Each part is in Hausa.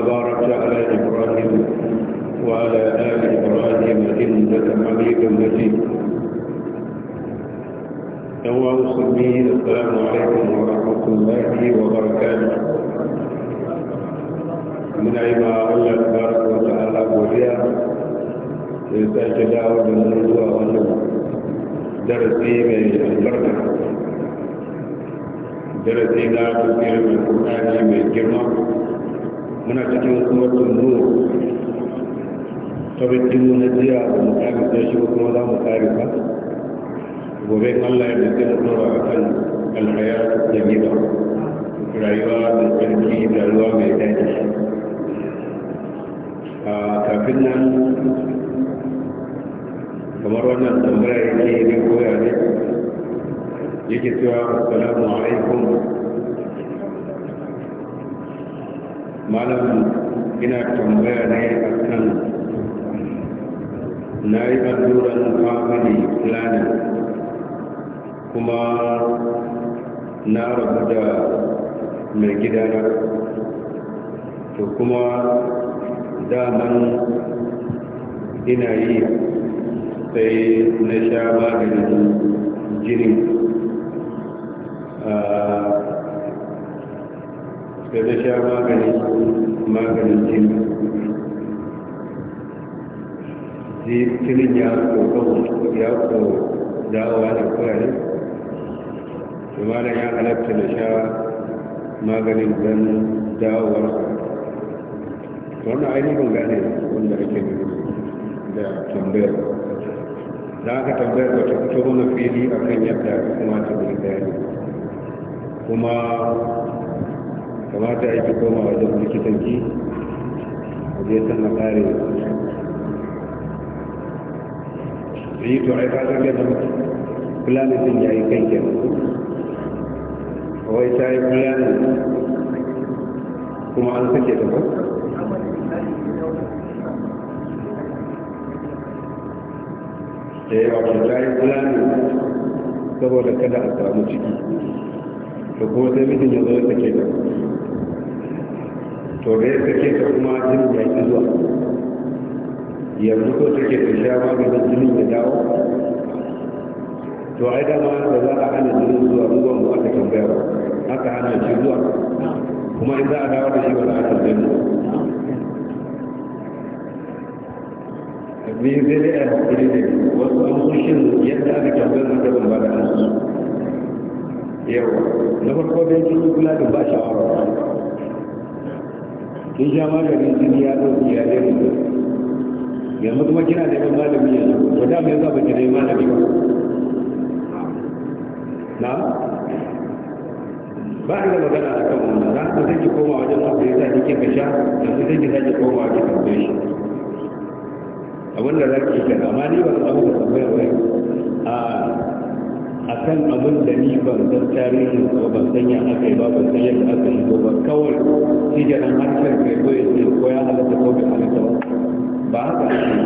باركت على إبراهيم وعلى آل إبراهيم إنك حميد مجيد أيها المسلمين السلام عليكم ورحمة الله وبركاته من عبا الله تبارك وتعالى وليا يسأل داود المنزوى والنبو درسي من البركة درسي لا تسير من القرآن من الجمع muna cikin suratul nur tobe dimu na jiya da mu kare sai shi kuma za mu kare ka gobe Allah ya dace mu tsora akan alhayat tayyiba rayuwa da tsarki da ruwa mai daɗi a kafin nan kamar wannan tambaya yake ne koya ne yake cewa assalamu alaikum malam ina tambaya ne a kan na yi alluran family planning kuma na rabu da mai gidana to kuma daman ina yi sai na sha maganin jini ah, da na sha maganin maganin jini jinin ya kokon ya ko dawowa da kurare malam ya halatta na sha maganin don dawowar wannan ainihin gane wanda ake da tambayar da aka tambayar ba ta fito wani fili akan yadda kuma ta bayani kuma kamata ya ki koma wajen likitanki je sana kare yi eh, to ai kasar yadda planetin ya yi kai kenan kawai ta yi kulanin kuma an sake ta ba eh wato ta yi kulanin saboda kada a samu ciki da kuma sai mutum ya zo ya sake ta to da ya sake ta kuma jinin ya ki zuwa yanzu ko take ta sha maganin jinin ya dawo to ai dama da za a hana jinin zuwa ruwan mu aka tambaya ba aka hana shi zuwa kuma in za a dawo da shi ba za a tambaye mu ni zai da ya hakuri ne wasu amsoshin yadda aka tambayar na gaban ba da amsoshi yawa na farko da yake kula da ba shawara kin sha magani jini ya ɗauki ya daina yanzu kuma kina da neman malami yanzu to da mai zaba ba ki neman malami ba na ba ni da magana a kan wannan na ku zai ki koma wajen wanda ya sa kike ka sha yanzu zai ki sake koma ki tambaye shi abin da za ki yi amma ni ba su abu da tambaya ba a akan abin da ni ban san tarihin ko ban san ya aka yi ba ban san yadda aka yi ba kawai shi da nan harshen kai ko ya ce ko ya halatta ko bai halatta ba ba haka ake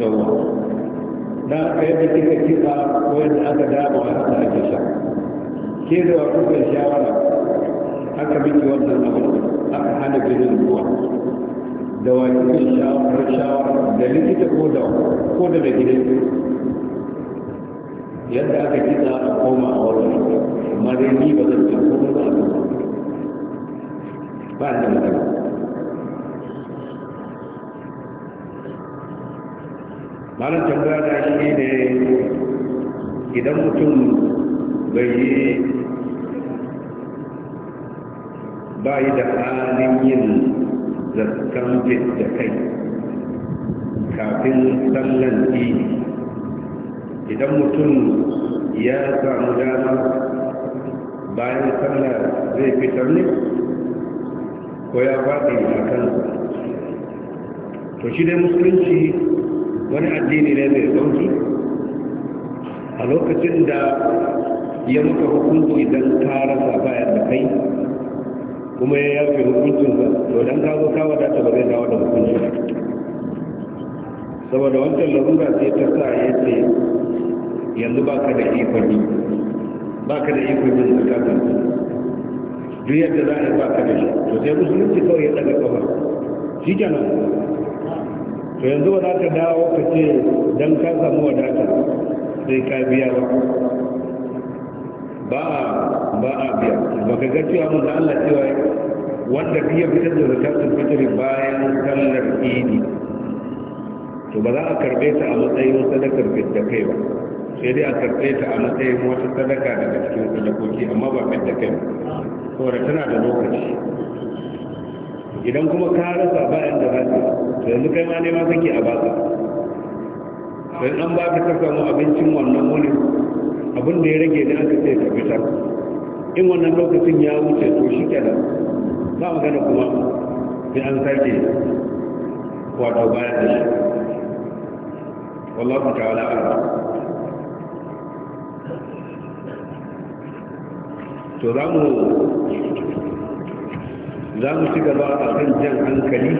yawa na kai da kika kika ko yadda aka dama ta ake sha ke da wa kuka shawara aka miki wannan abin aka hana gidan zuwa da wa kuka shawara da likita ko da ko da mai gidan yadda aka kisa a koma a wani marini ni ba zai ce ko ba a ba da Ba malar tambaya da shi ne idan mutum bai yi ba yi da halin yin zaskan da kai kafin sallan dini idan mutum ya samu dama bayan sallah zai fitar ne ko ya faɗi a kansa to shi dai musulunci wani addini ne mai sauki a lokacin da ya muka hukunci don karasa bayan da kai kuma ya yafe hukuncinsa to don kawo kawo da ta ba zai dawo da hukunci saboda wancan larura sai ta sa ya ce yanzu ba ka da ikon yi ba ka da ikon yin zakatan duk yadda za a yi ba ka da shi to sai musulunci kawai ya daga kafa shi kenan to yanzu ba za ka dawo ka ce don ka samu wadata sai ka biya ba ba ba a biya ba ka ga cewa mun Allah cewa wanda biya fitar da zakatun fitar bayan sallar idi to ba za a karbe ta a matsayin sadakar fitar kai ba sai dai a karɓe ta a matsayin wata sadaka daga cikin sadakoki amma ba mai da kai saboda tana da lokaci idan kuma ka rasa bayan da za to yanzu kai ma ne ma kake a baka Sai an ba ka samu abincin wannan wuni. abin da ya rage ne aka ce ka fita. in wannan lokacin ya wuce to shi kenan ba magana kuma sai an sake wato bayan da shi wallahu ta'ala a'lam to za mu za ci gaba a kan jan hankali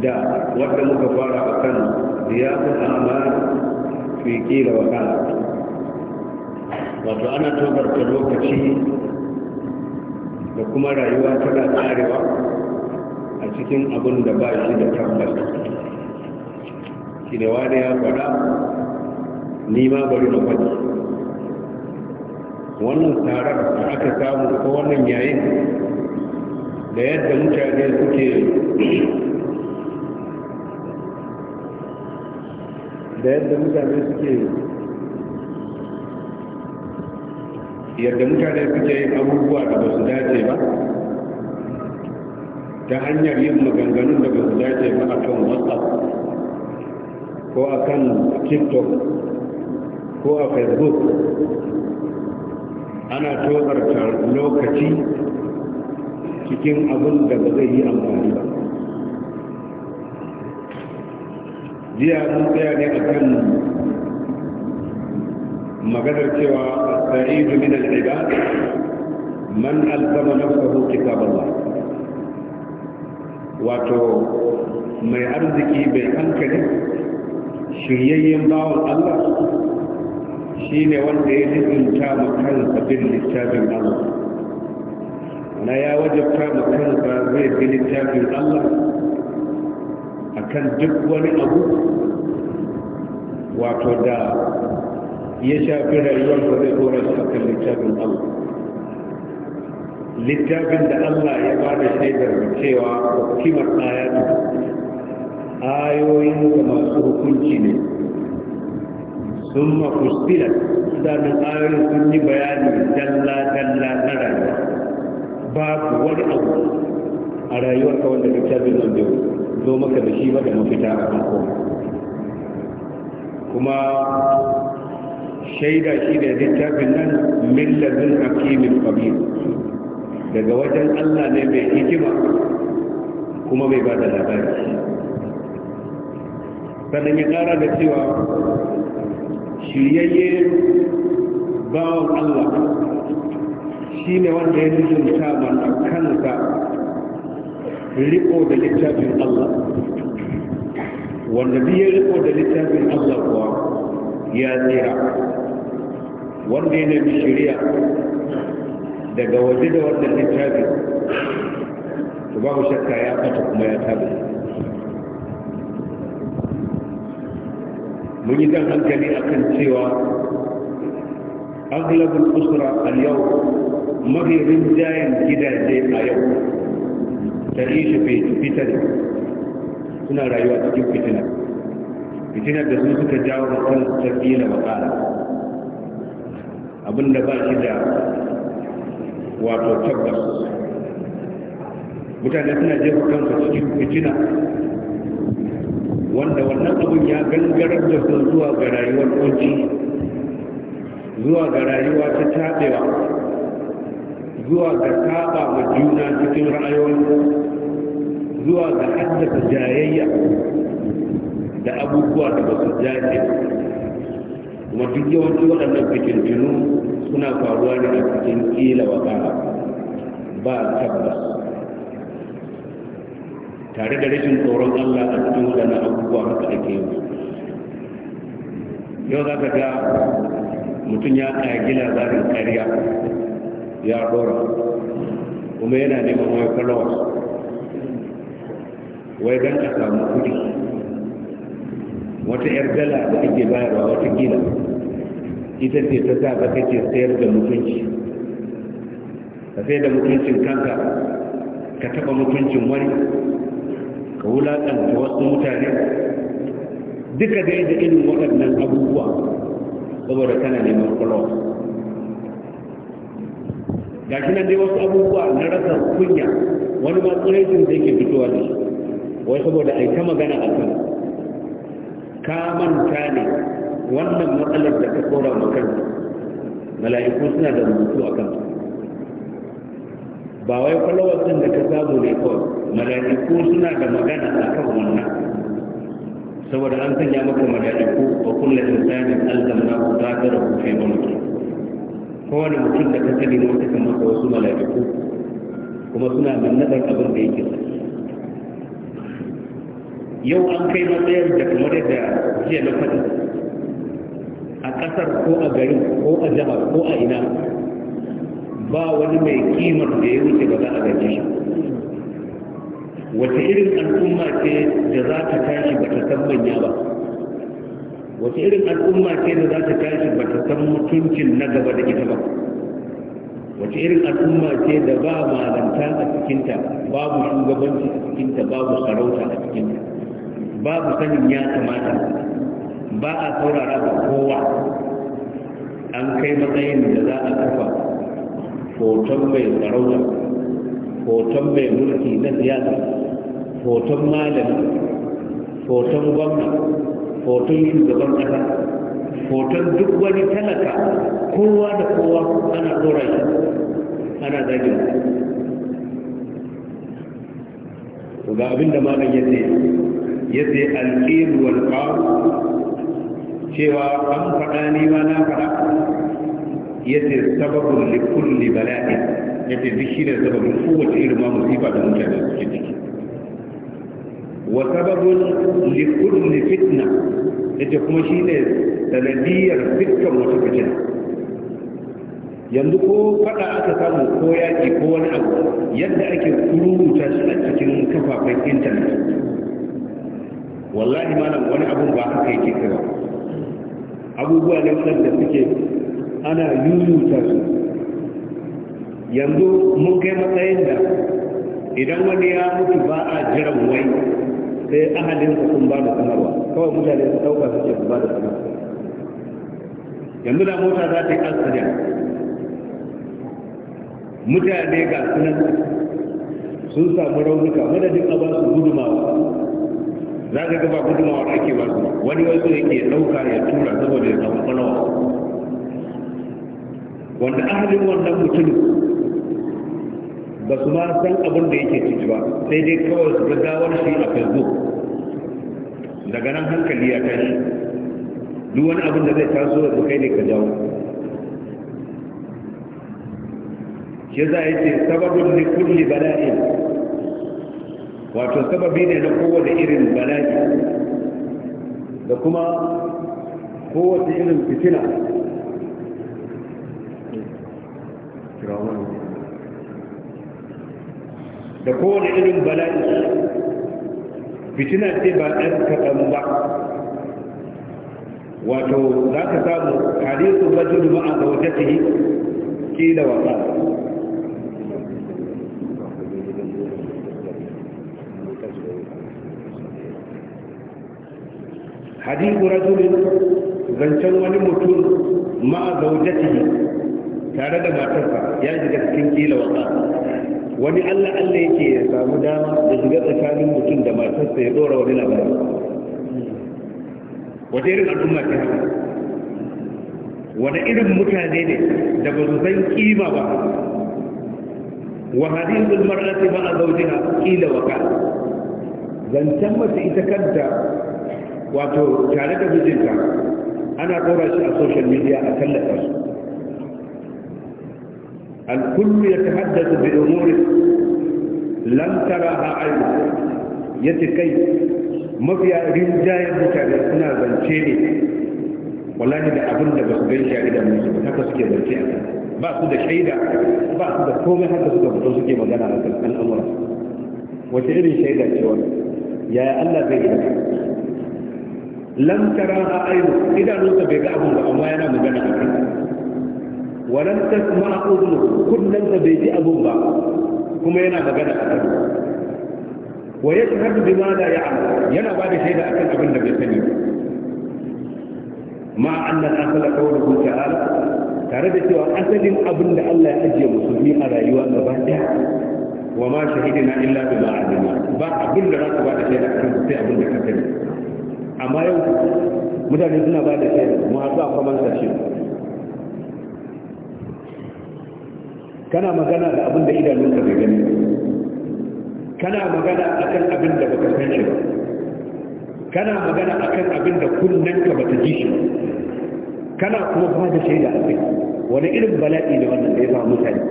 da wadda muka fara a kan ziyarar amma fi kila wa kana wato ana tobarta lokaci da kuma rayuwa tana karewa a cikin abin da ba shi da tabbas kinewa ne ya faɗa nima bari na kwanci wannan tarar da aka samu ko wannan yayin da yadda mutane suke da yadda mutane suke yadda mutane suke yin abubuwa da ba su dace ba ta hanyar yin maganganun da ba su dace ba a kan whatsapp ko a kan tiktok ko a facebook ana tozarta lokaci cikin abin da ba zai yi amfani ba jiya sun tsaya ne a kan maganar cewa sa'idu min al-ibad man alzama nafsahu kitaballah wato mai arziki bai hankali shiryayyen bawan Allah shi ne wanda ya jibinta ma kansa bin littafin Allah na ya wajabta ma kansa zai bi littafin Allah kan duk wani abu wato da ya shafi rayuwarsa zai kora shi kan littafin Allah littafin da Allah ya ba da shaidar cewa kimar ayatu ayoyin masu hukunci ne sun mafustila sannan ayoyin sun yi bayani dalla-dalla na rayuwa babu wani abu a rayuwar ka wanda littafin nan bai zo maka shi ba da mafita a kan kuma shaida littafin nan daga wajen allah ne mai hikima kuma mai ba da labari sannan ya kara da cewa shiryayye bawan Allah shi ne wanda ya nisunta a kansa riko da littafin Allah wanda biya riko da littafin Allah kuwa ya tsira wanda ya nemi shirya daga waje da wannan littafin ba babu shakka ya fata kuma ya tabbata mun yi kan hankali akan cewa aglabul usra al yau mafi rinjayen gidaje a yau ta shi fitar suna rayuwa cikin fitina fitinar da su suka jawo da kan sarki na makara. abinda ba shi da wato tabbas mutane suna jefa kansu cikin fitina wanda wannan abin ya gangarar da su zuwa ga rayuwar ƙunci zuwa ga rayuwa ta taɓewa zuwa ga saba ma juna cikin ra'ayoyi zuwa ga haddasa jayayya da abubuwa da ba su jaje kuma duk yawanci waɗannan fitintunu suna faruwa ne a cikin ƙila wa ba tabbas tare da rashin tsoron Allah a cikin wadannan abubuwa haka ake yi yau za ka ga mutum ya gina labarin ƙarya ya ɗora kuma yana neman wai kalawar wai don a samu kuɗi wata 'yar dala da ake bayarwa wata gina, ita ce ta sa ka kake sayar da mutunci ka sayar da mutuncin kanka ka taɓa mutuncin wani ka wulaƙanta wasu mutane duka dai da irin waɗannan abubuwa saboda kana neman kwallon ga shi nan dai wasu abubuwa na rasa kunya wani masu tsiraitin da yake fitowa da shi wai saboda a yi ta magana a kan ka ne wannan matsalar da ka tsora makar mala'iku suna da rubutu a kan ba wai kwallon da ka samu ne kawai mala'iku suna da magana a kan wannan saboda an sanya maka mala'iku wa kullu insanin alzamna ku zakara ku fi mulki kowane mutum da ka sani wata kan maka wasu mala'iku kuma suna da abin da yake yau an kai matsayar da kamar da jiya na faɗi a ƙasar ko a garin ko a jihar ko a ina ba wani mai kimar da ya wuce ba za a gaji shi wata irin al'umma ce da za ta tashi ba ta san manya ba wata irin al'umma ce da za ta tashi ba ta san mutuncin na gaba da ita ba wata irin al'umma ce da ba malanta a cikinta babu shugabanci a cikinta babu sarauta a cikinta babu sanin ya kamata ba a saurara ga kowa an kai matsayin da za a kafa hoton mai sarauta hoton mai mulki na siyasa hoton malami hoton gwamna hoton shugaban kasa hoton duk wani talaka kowa da kowa ana tsora shi ana zagin ga abinda malam ya ce ya ce alƙir wal cewa an faɗa ni ma na faɗa ya ce sababin likulli bala'i ya ce duk shi ne sababin kowace irin ma musiba da mutane suke ciki wa sababun kulli fitna ita kuma shi ne sanadiyar dukkan wata fitina yanzu ko fada aka samu ko yaki ko wani abu yadda ake kuruta shi a cikin kafafen intanet wallahi malam wani abun ba haka yake kira abubuwa ne da suke ana yuyuta su yanzu mun kai matsayin da idan wani ya mutu ba a jiran wai sai ahalin ahalinsa sun ba da sanarwa kawai mutane su dauka su ce su ba da sanarwa yanzu da mota za ta yi accident mutane ga sunan sun samu raunuka madadin a ba su gudumawa za ka gaba gudumawar ake ba su wani wasu yake dauka ya tura saboda ya samu kwanawa wanda ahalin wannan mutum ba su ma san abin da yake ciki ba sai dai kawai su gaggawar shi a facebook daga nan hankali ya tashi duk wani abin da zai taso da kai ne ka jawo shi za a yi ce sababin ne kulli bala'i wato sababi ne na kowane irin bala'i da kuma kowace irin fitina da kowane irin bala'i fitina ce ba ɗan kaɗan ba wato za ka samu hadisu a ma'a zawjatihi ke da wasa? hadisu rajul zancen wani mutum ma'a zawjatihi tare da matarsa ya da cikin kila wa wani allah allah yake ya samu dama da shiga tsakanin mutum da matarsa ya dora wani labari wata irin al'umma ce haka wani irin mutane ne da ba su san kima ba wa hadithul ba a zawjiha qila wa ka zancan mace ita kanta wato tare da mijinta ana dora shi a social media a tallata su الكل يتحدث بأمور لم تراها عينك yace kai mafiya rinjayen mutane suna zance ne wallahi da abin da ba su gan shi a idan musu haka suke zance a ba su da shaida ba su da komai haka suka fito suke magana a kan al'amura wace irin shaida ce wani yaya Allah zai gina lam tara a ainu bai ga amma yana magana a kuma a udnu kullun da bai ji abun ba kuma yana magana a kan wa yashhadu bima la ya'lam yana ba da shaida akan abin da bai sani ma anna al-asla qawluhu ta'ala tare da cewa asalin abin da Allah ya ajiye musulmi a rayuwa gaba daya wa ma shahidina illa bima alima ba abin da za ka ba da shaida akan sai abin da ka sani amma yau mutane suna ba da shaida masu a man sashi kana magana da abin da idanunka bai gani kana magana akan abin da baka san shi ba kana magana akan abin da kunnanka bata ji shi kana kuma ba da shaida a kai wani irin bala'i ne wannan da ya samu mutane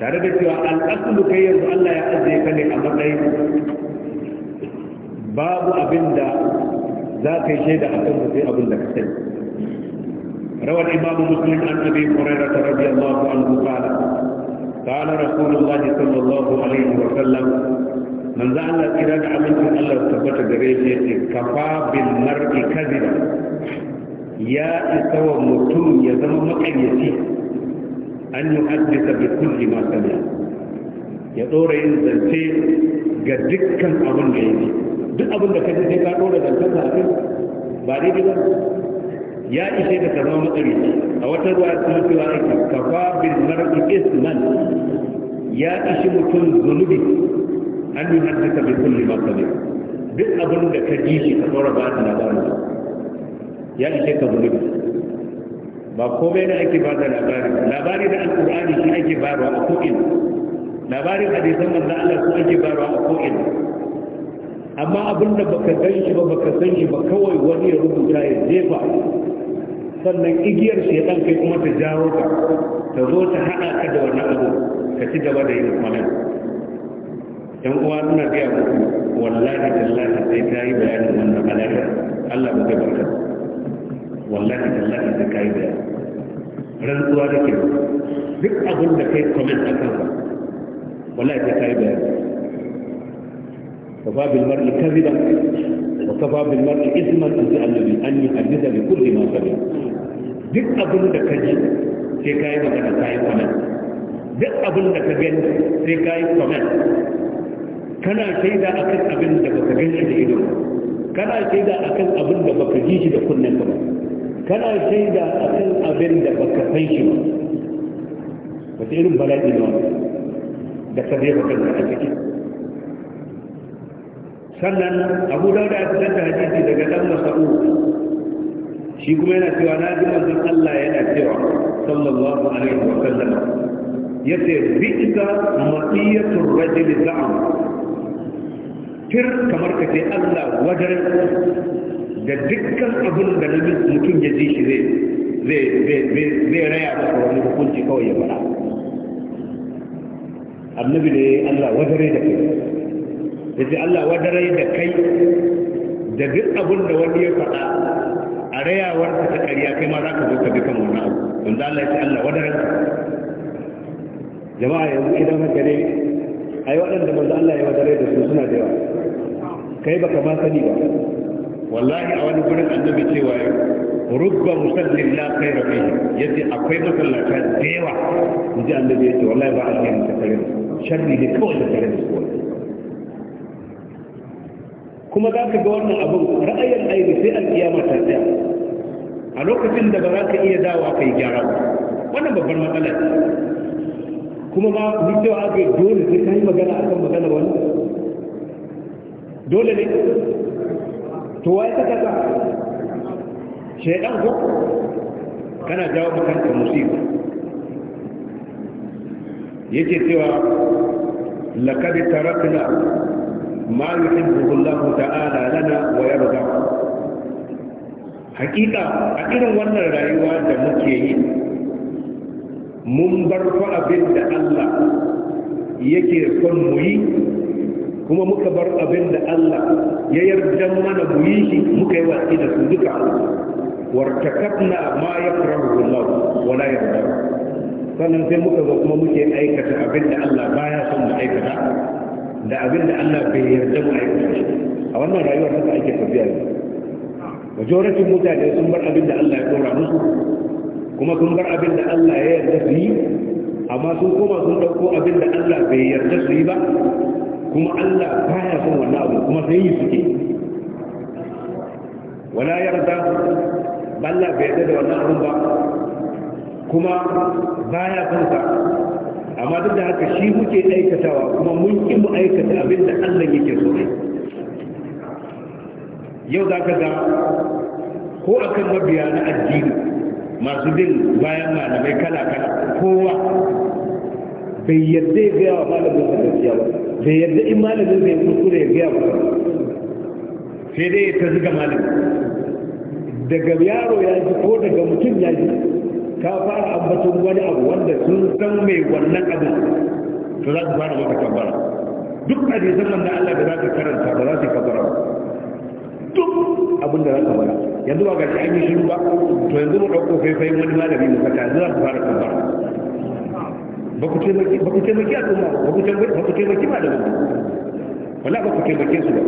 tare da cewa al'asulu kai yanzu Allah ya ajiye ka ne a matsayin babu abin da za ka yi shaida a kan sai abin da ka sani روى الإمام مسلم عن أبي هريرة رضي الله عنه قال قال رسول الله صلى الله عليه وسلم من زعل إذا عملت الله ثبت دريجة كفى بالمرء كذبا يا إسوى متوم يزم مقيتي أن يحدث بكل ما سمع ya ɗora yin zance ga dukkan abin da ya duk abin da ka ji sai ya ishe ka zama matsari a wata ruwa sun wa aiki ka fa bil mar'i isman ya ishi mutum zunubi an yi ka bai kulle ba kame duk abin da ka ji shi ka tsora ba da labarin ya ishe ka zunubi ba kome da ake ba da labari labari da alkur'ani shi ake bayarwa a ko'in labarin hadisan manzo Allah su ake bayarwa a ko'in amma abinda da baka gan shi ba baka san shi ba kawai wani ya rubuta ya jefa sannan igiyar shaitan kai kuma ta jawo ka ta zo ta haɗa ka da wani abu ka ci gaba da yin kwanan yan uwa suna biya muku wallahi tallahi sai ta yi bayanin wannan alaƙa allah ba zai barka wallahi tallahi sai ka yi bayani rantsuwa da ke duk abin da kai comment a kansa wallahi sai ka yi bayani kafa bil mar'i kadhiba wa kafa bil mar'i isman an ta'allu an yuhaddisa bi kulli ma sami duk abin da kaji sai kai magana kayi comment duk abin da ka gani sai kai comment kana shaida akan abin da baka gani da ido kana shaida akan abin da baka ji shi da kunnen ka ba kana shaida akan abin da baka san shi ba wata irin bala'i ne da ka zai baka da ake sannan abu dauda ya fitar da hadisi daga dan masa'u shi kuma yana cewa na ji manzon Allah yana cewa sallallahu alaihi wa sallam yace bi'za maqiyatu rajul za'am tir kamar kace Allah wajar da dukkan abin da mutum ya ji shi zai zai raya da wani hukunci kawai ya fara annabi ne Allah wajare da kai ya ce Allah wadarai da kai da duk abin da wani ya faɗa a rayawar ta ta ƙarya kai ma za ka zo ka bi kan wani abu wanda Allah ya ce Allah wadarai jama'a yanzu idan haka ne yi waɗanda manzo Allah ya wadarai da su suna da yawa kai baka ma sani ba wallahi a wani gurin annabi cewa ya rubba musallin la khayra fihi yace akwai masallata da yawa inji annabi yace wallahi ba alheri ta kare sharri ne kawai ta kare su kuma za ka ga wannan abin ra'ayin aibi sai an alkiyama ta tsaya a lokacin da ba za ka iya dawa ka yi gyara ba wannan babbar matsala ce kuma ma duk cewa aka yi dole sai ka yi magana akan magana wani dole ne to wa ka kasa shaidan ko kana jawo makanka musiba yake cewa laqad tarakna ما يحبه الله تعالى لنا ويرضى حقيقة أكيد وانا رأيوا دمكيه من برفع بند الله yake son mu yi kuma muka bar abin Allah ya yarda mana mu yi shi muka yi watsi ma yakrahu Allah wala yarda sannan sai muka ga kuma muke aikata abinda da Allah baya son mu aikata da abin da Allah bai yarda mu aikata shi a wannan rayuwar haka ake tafiya ne majoratin mutane sun bar abin da Allah ya dora musu kuma sun bar abin da Allah ya yarda su yi amma sun koma sun dauko abin da Allah bai yarda su yi ba kuma Allah baya son wannan abu kuma sai yi suke wala yarda Allah bai yarda da wannan abu ba kuma baya son sa amma duk da haka shi muke aikatawa kuma mun ki mu aikata abin da Allah yake so ne yau za ka ga ko akan mabiya na addini masu bin bayan malamai kala kala kowa bai yarda ya gaya wa malamin da gaskiya ba bai yarda in malamin zai kuskure ya gaya ba sai dai ta zuga malamin daga yaro ya ji ko daga mutum ya ji ka fara ambaton wani abu wanda sun san mai wannan abu to za su fara maka kabbara duk hadisan nan da Allah da za ka karanta ba za su kabbara ba duk abin da za ka fara yanzu ba ga shi an yi shiru ba to yanzu mu dauko faifayin wani malami mu saka za su fara kabbara ba ku taimaki ba ku taimaki al'umma ba ku taimaki ba ku taimaki malamin wala ba ku taimake su ba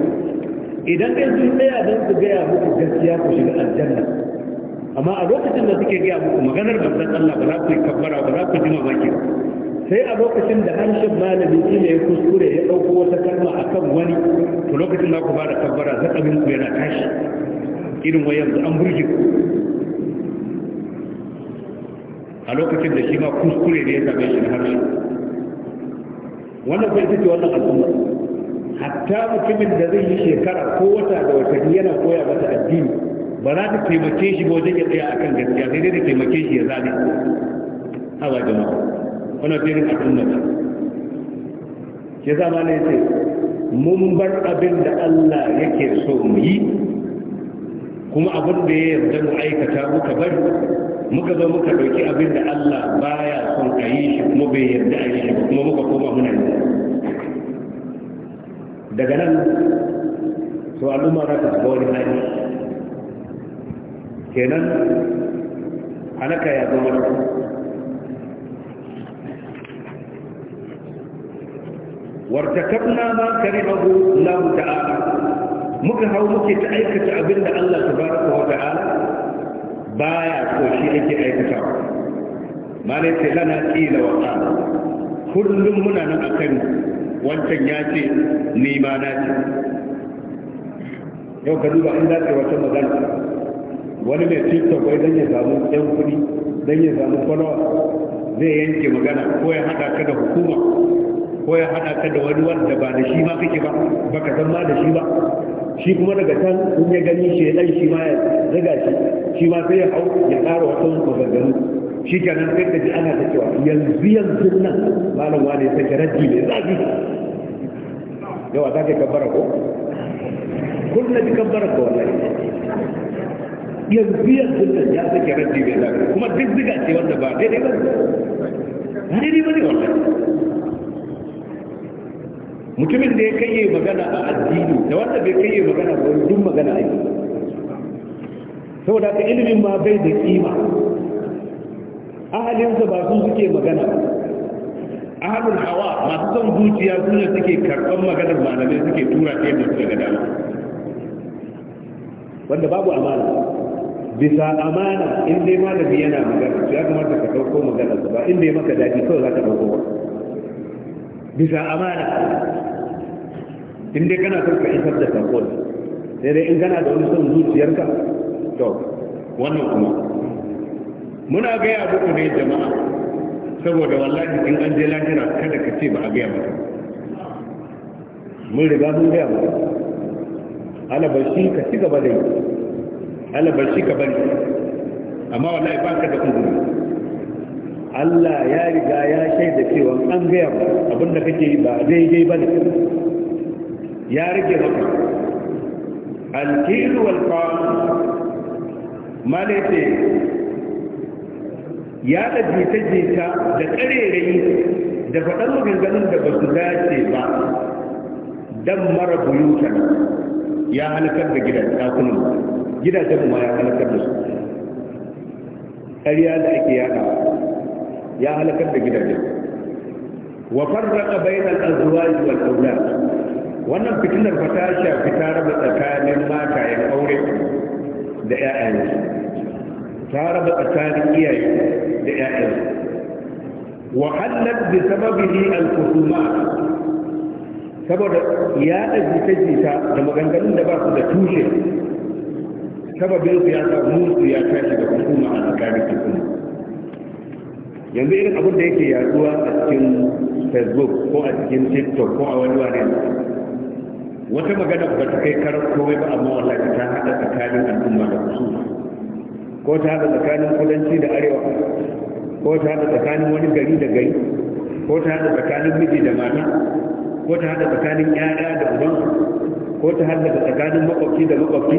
idan dai sun tsaya don su gaya muku gaskiya ku shiga aljanna amma a lokacin da suke gaya muku maganar manzon Allah ba za ku yi kabbara ba za ku ji mamaki sai a lokacin da harshen malamin ne ya kuskure ya ɗauko wata kalma akan wani to lokacin da ku ba da kabbara zaɓin ku yana tashi irin wai yanzu an burge ku a lokacin da shi ma kuskure ne ya same shi na harshe wannan bai ce wannan al'umma hatta mutumin da zai yi shekara ko wata da watanni yana koya mata addini ba za ta taimake shi ba wajen ya tsaya akan gaskiya sai dai ta taimake shi ya zaɓe hawa jama'a wannan firin al'umma ce ke zama ne ce mun bar abin da Allah yake so mu yi kuma abin da ya yarda mu aikata muka bari muka zo muka ɗauki abin da Allah baya son a yi shi kuma bai yarda a yi shi kuma muka koma muna yi daga nan to al'umma za ta shiga wani hali kenan halaka ya zama wartakabna ma karimahu Allah ta'ala muka hau muke ta aikata abin da Allah tabaraka wa ta'ala baya so shi ake aikata malai sai lana kila wa ta'ala kullum muna nan akan wancan ya ce ni ma na ce yau ka duba inda ce wancan wata magana wani mai tiktok bai dan ya samu yan kuɗi dan ya samu kwanawa. zai yanke magana ko ya hada ka da hukuma ko ya hada ka da wani wanda ba da shi ma kake ba baka san ma da shi ba shi kuma daga can in ya gani shi dan shi ma ya daga shi shi ma sai ya hau ya ƙara wata maganganu shi kenan sai ka ji ana ta cewa yanzu yanzu nan malam wani sai ka raji ne zafi yawa za ka kabbara ko kullum kabbara ko wallahi yanzu yanzu da ya sake rabi bai zaga kuma duk ziga ce wanda ba daidai ba ba daidai ba ne wannan mutumin da ya kayye magana a addini da wanda bai kayye magana ba duk magana a yi saboda ka ilimin ma bai da kima ahalinsa ba su suke magana ahalul hawa masu son zuciya su ne suke karɓar maganar malamai suke tura ta yadda suka ga dama wanda babu amana bisa amana in dai malami yana magana ya kamata ka ɗauko magana ba in dai maka daɗi kawai za ka ɗauko ba bisa amana in dai kana son ka isar da sako sai dai in kana da wani son zuciyarka to wannan kuma muna gaya muku ne jama'a saboda wallahi in an je lahira kada ka ce ba a gaya maka mun riga mun gaya maka ala bashi ka ci gaba da yi Allah bar shi ka bari amma wallahi ba ka da uzuri Allah ya riga ya shaida cewa an gaya ba abin da kake yi ba daidai ba ne ya rage maka alkilu wal qawl malaita ya da jita-jita da ƙarerayi da faɗar maganganun da ba su dace ba dan mara buyuta. ya halakar da gidan ɗakunan gidajen mu ya halakar da su ƙarya da ake yada ya halakar da gidajen wa farraqa bainal azwaj wal awlad wannan fitinar fa ta shafi ta raba tsakanin matayen aure da ƴaƴansu ta raba tsakanin iyaye da ƴaƴansu wa hallat bi sababihi al-khusumat saboda ya jita-jita da maganganun da ba su da tushe sababin su ya sa musu ya tashi da hukuma a tsakanin hukuma yanzu irin abin da yake yaduwa a cikin facebook ko a cikin tiktok ko a wani wani wata magana ba ta kai karar kawai ba amma wallahi ta hada tsakanin al'umma da kusu ko ta hada tsakanin kudanci da arewa ko ta hada tsakanin wani gari da gari ko ta hada tsakanin miji da mata ko ta hada tsakanin 'ya'ya da uban ko ta hada tsakanin makwabci da makwabci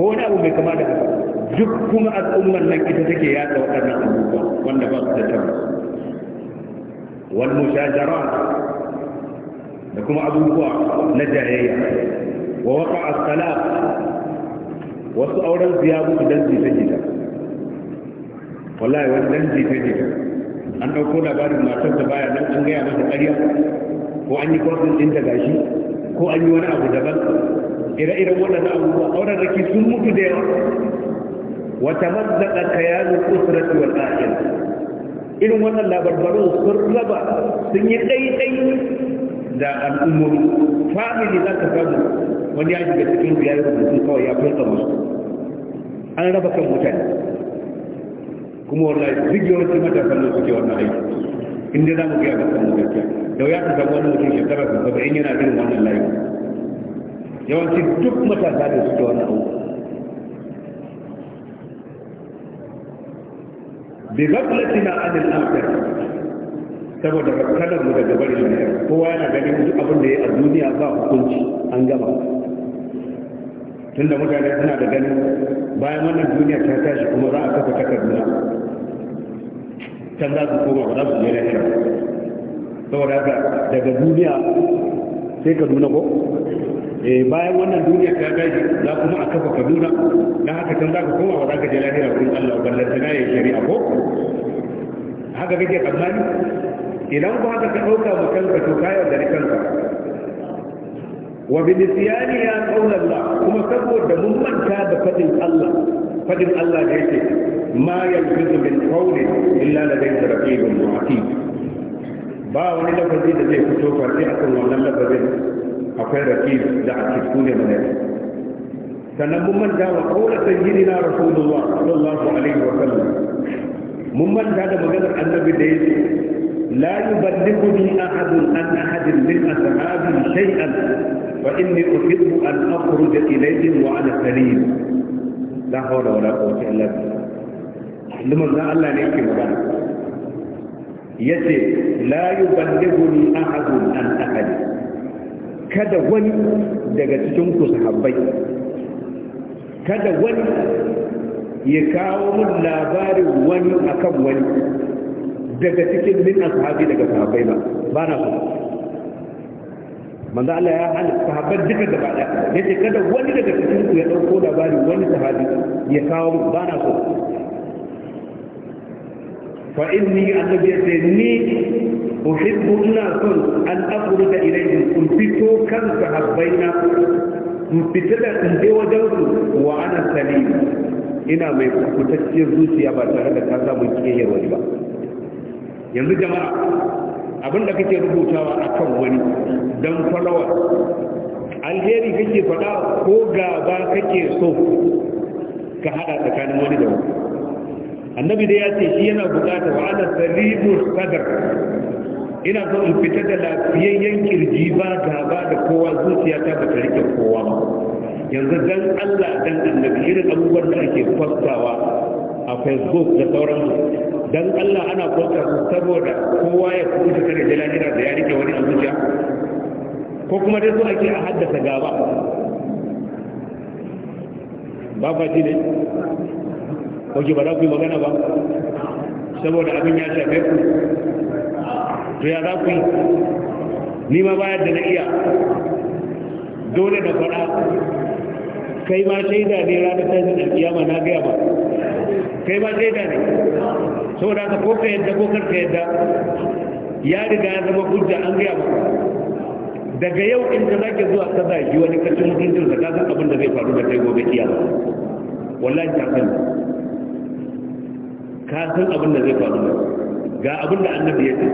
ko wani abu mai kama da haka duk kuma al'ummar nan ita take yada waɗannan abubuwa wanda ba su da tabbas Wani mushajara da kuma abubuwa na jayayya wa waqa asala wasu auren su ya mutu dan jita jita wallahi wani dan jita jita an ɗauko labarin matar da baya nan an gaya masa ƙarya ko an yi kwasin ɗin da gashi ko an yi wani abu daban ire-iren waɗanda abubuwa auren ke sun mutu da yawa wata mazzaka kayanin kusurar wal a'il irin wannan labarbaru sun raba sun yi ɗaiɗai da al'ummomi famili za ka samu wani ya shiga cikin ya yi rubutu kawai ya fulka musu an raba kan mutane kuma wallahi duk yawanci matasan nan suke wannan aiki inda za mu biya ga kan mutane da wuya ta samu wani mutum shekara saba'in yana irin wannan layi Yawancin duk matasa da suke wani abu bi gaflatina anil akhirah saboda kakkalar mu daga bari ne kowa yana ganin duk abin da ya a duniya ba hukunci an gama tunda mutane suna da ganin bayan wannan duniya ta tashi kuma za a kafa takardu can za su koma ba za su saboda haka daga duniya sai ka nuna ko Eh, bayan wannan duniya ta gaji za kuma a kafa kaduna na haka can za ka koma wa za ka je lahira wurin Allah ballanta na ya shari'a ko haka kake tsammani idan ku haka ka ɗauka mu kanka to kayar da kanka wa bi ya qaula Allah kuma saboda mun manta da fadin Allah fadin Allah da yake ma yalfizu min qawli illa ladayhi raqibun mu'atid ba wani lafazi da zai fito farti akan wannan lafazin akwai rafi da a cikin ne mana sannan mun manta wa kawai sayyidi na rasulullah sallallahu alaihi wa sallam mun manta da maganar annabi da yake la yuballighuni ahadun an ahadin min ashabi shay'an wa inni uhibbu an akhruja ilayhim wa ana karim la hawla wala quwwata illa billah liman da Allah ne yake magana yace la yuballighuni ahadun an ahadin kada wani daga cikinku ku sahabbai kada wani ya kawo mun labarin wani akan wani daga cikin min ashabi daga sahabbai ba ba na so manzo Allah ya hana sahabbai duka da bada yace kada wani daga cikinku ya dauko labarin wani sahabi ya kawo ba na so fa inni annabi yace ni uhibbu ina son an afruda ilayhim kun fito kan sahabbaina in fita da in je wajen su wa ana salim ina mai kutacciyar zuciya ba tare da ta samu kiyayyar wani ba yanzu jama'a abin da kake rubutawa akan wani don falawa alheri kake faɗa ko gaba kake so ka haɗa tsakanin wani da wani annabi da ya ce shi yana bukata wa ana saribus sadar ina so in fita da lafiyayyen kirji ba gaba da kowa zuciya ta bata rike kowa ba yanzu dan Allah dan annabi irin abubuwan da ake fassawa a facebook da sauran dan Allah ana kwanta su saboda kowa ya kuɗi kare da lahira da ya rike wani a zuciya ko kuma dai so ake a haddasa gaba ba ba ne kuke ba za ku yi magana ba saboda abin ya shafe ku to ya za ku yi ni ma bayar da na iya dole na faɗa kai ma da ne ranar tashin ma na gaya ba kai ma da ne saboda ka ko ka yadda ko karka yadda ya riga ya zama hujja an gaya ba daga yau in ka zaki zuwa ka zaki wani kacin mutuncin da ka san abin da zai faru da kai gobe kiyama wallahi ta sani ka san abin da zai faru ga abin da annabi ya ce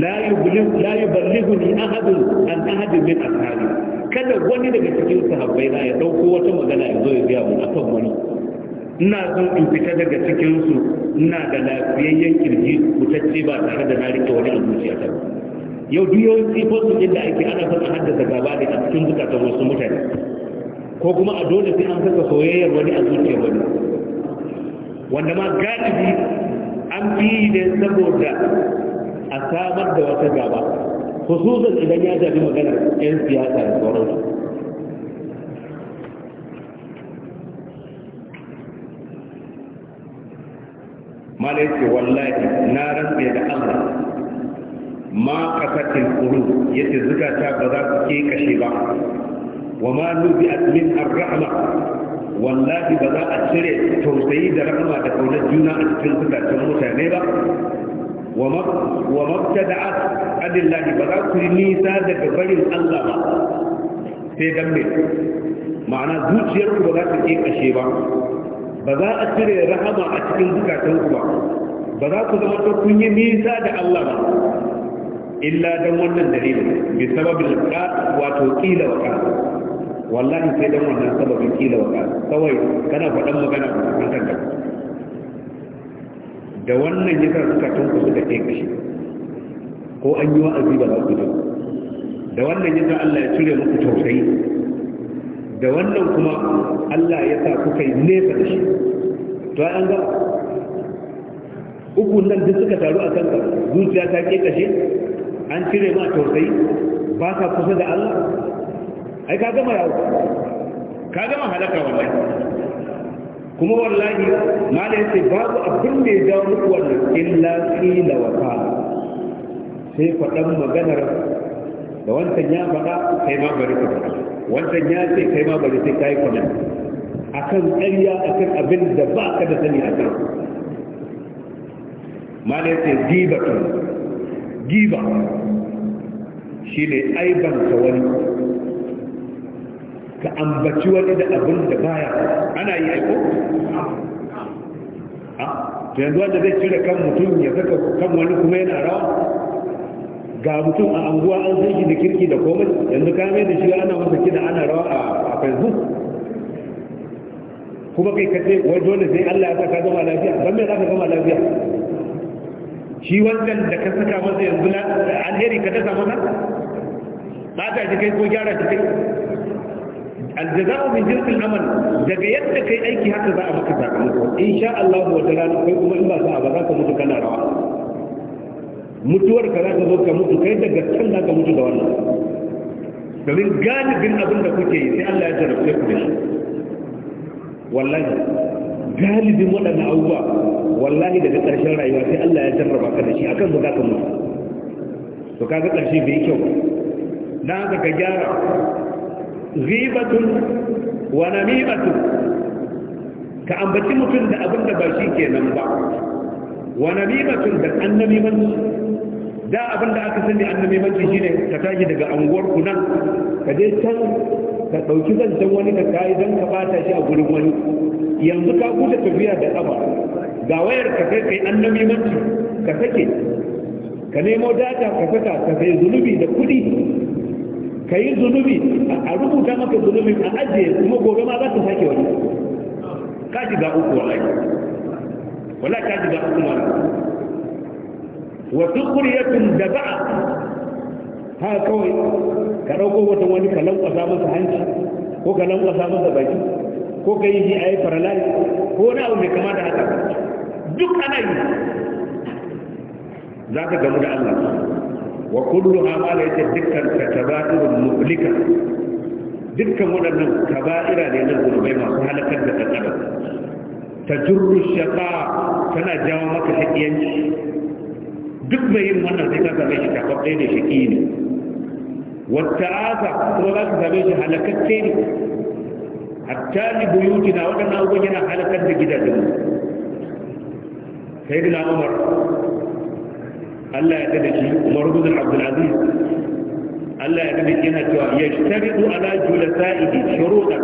la yubligh la li ahad an ahad min ashabi kada wani daga cikin sahabbai na ya dauko wata magana ya zo ya biya mun akan wani ina son in fita daga cikin su ina da lafiyayyen kirji mutacce ba tare da na rike wani a zuciyata ba yau duk yawan tsifon inda ake ana son a haddasa gaba da a cikin zukatan wasu mutane ko kuma a dole sai an saka soyayyar wani a zuciyar wani wanda ma gajibi an fi ne saboda a samar da wata gaba hususan idan ya zabi maganar 'yan siyasa da sauransu malai ce wallahi na rantsa da Allah ma kasatin kuru zuga zukata ba za su ke kashe ba wa ma nubi min ar wallahi ba za a cire tausayi da rahama da kaunar juna a cikin zukatan mutane ba wa da mabtada adillahi ba za ku yi nisa daga barin Allah ba sai dan me ma'ana zuciyarku ba za ta ke kashe ba ba za a cire rahama a cikin zukatanku ba ba za ku zama kun yi nisa da Allah ba illa don wannan dalilin bi sababin ka wato kila wa ka wallahi sai dan wannan sababin kila wa kawai kana faɗan magana a cikin kanka da wannan yasa suka tunku suka ce kashi ko an yi wa'azi ba za ku ji da wannan yasa Allah ya cire muku tausayi da wannan kuma Allah ya sa kuka kai nesa da shi to an ga uku nan duk suka taru a kanka zuciya ta ke kashe an cire ma tausayi ba ka kusa da Allah ai ka gama yawo ka gama halaka wallahi kuma wallahi malai yace babu abin da ya ja muku wannan illa qila wa qala sai faɗan maganar da wancan ya faɗa kai ma bari ka faɗa wancan ya ce kai ma bari sai kai kuma akan ƙarya akan abin da ba ka da sani akan mala yace gibatun giba shine aibanta wani ka ambaci wani da abin da baya ana yi aiko to yanzu wanda zai cire kan mutum ya saka kan wani kuma yana rawa ga mutum a anguwa an zai shi da kirki da komai yanzu ka mai da shi ana masa kida ana rawa a facebook kuma kai ka ce wai dole sai Allah ya saka zama lafiya Ban mai za ka zama lafiya shi wannan da ka saka masa yanzu alheri ka ta samu na ba ta shi kai ko gyara shi kai aljaza'u min jinsil amal daga yadda kai aiki haka za a maka sakamako insha Allah wa ta'ala kai kuma in ba a ba za ka mutu kana rawa mutuwar ka za ka zo ka mutu kai daga can za mutu da wannan domin galibin abin da kuke yi sai Allah ya jarabce ku da shi wallahi galibin waɗannan abubuwa wallahi daga ƙarshen rayuwa sai Allah ya jarraba ka shi akan za ka mutu to kaga ƙarshe bai kyau Na haka ka gyara ghibatun wa namimatun ka ambaci mutum da abin da ba shi kenan ba wa namimatun da annamimanci da abin da aka sani shi ne ka tashi daga anguwar ku nan ka je can ka dauki zancen wani da ka yi don ka bata shi a gurin wani yanzu ka kuta tafiya da kafa ga wayar ka kai kai annamimanci ka sake ka nemo data ka saka ka sai zunubi da kuɗi. ka yi zunubi a rubuta maka zunubi a ajiye kuma gobe ma za ka sake wani ka ga uku wallahi wala ka ga uku mara wasu kuriyatun da ba ha kawai ka ɗauko wata wani ka lankwasa masa hanci ko ka lankwasa masa baki ko ka yi ji a yi faralari ko wani abu mai kama da haka duk ana yi za ka gamu da Allah wa kullu amala yace dukkan ta tabairul dukkan waɗannan kaba'ira ne na zurbai masu halakar da ta ta jirru shaka tana jawo maka shaƙiyanci duk mai yin wannan sai ka mai shi kafar ɗaya da shaƙi ne wata asa kuma za ka same shi halakacce ne hatta ni buyuti na waɗannan abubuwan yana halakar da gidajen sai da umar Allah ya da shi Umar bin Abdul Aziz Allah ya da shi yana cewa yashtaridu ala julasaihi shurutan